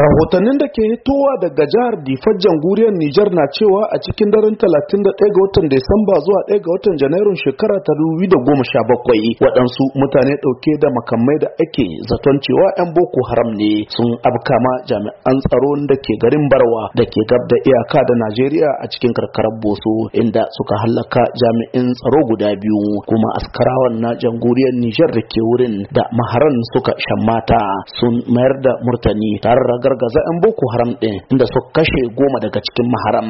rahotannin da ke hitowa daga jihar difar jamhuriyar nijar na cewa a cikin daren 31 ga watan Desamba zuwa 1 ga watan janairun shekara ta sha bakwai waɗansu mutane ɗauke da makamai da ake zaton cewa 'yan boko haram ne sun abkama jami'an tsaron da ke garin barwa da ke gab da iyaka da najeriya a cikin karkarar boso inda suka hallaka jami'in tsaro guda biyu kuma askarawan na jamhuriyar nijar da ke wurin da maharan suka shammata sun mayar da murtani tare ragar gargaza 'yan boko haram ɗin inda su kashe goma daga cikin maharam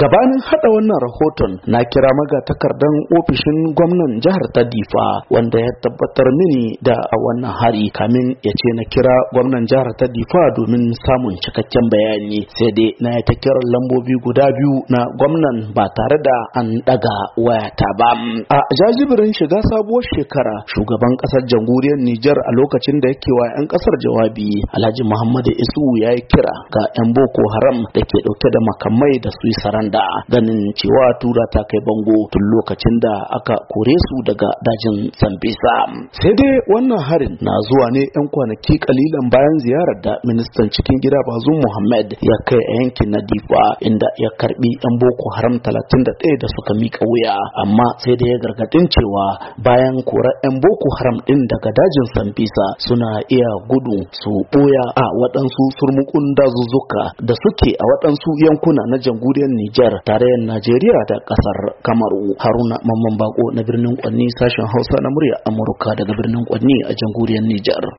gabanin haɗa wannan rahoton na kira maga takardan ofishin gwamnan jihar ta difa wanda ya tabbatar mini da a wannan hari kamin ya ce na kira gwamnan jihar ta difa domin samun cikakken bayani sai dai na ya ta kiran lambobi guda biyu na gwamnan ba tare da an daga wayata ba a jajibirin shiga sabuwar shekara shugaban kasar jamhuriyar Nijar a lokacin da yake wa 'yan kasar jawabi Alhaji Muhammadu Isu ya yi kira ga 'yan boko haram da ke ɗauke da makamai da su yi saranda ganin cewa tura ta kai bango tun lokacin da aka kore su daga dajin sambisa sai dai wannan harin na zuwa ne 'yan kwanaki kalilan bayan ziyarar da ministan cikin gida bazu muhammad ya kai a yankin na difa inda ya karbi 'yan boko haram talatin da da suka mika wuya amma sai da ya gargadin cewa bayan kora 'yan boko haram din daga dajin sambisa suna iya gudu su boya a waɗansu turmukun dazuzzuka da suke a waɗansu yankuna na jamhuriyar Nijar tarayyar Najeriya da ƙasar Kamaru Haruna Mamman Bako na birnin Kwanni sashen Hausa na murya Amurka daga birnin Kwanni a jamhuriyar Nijar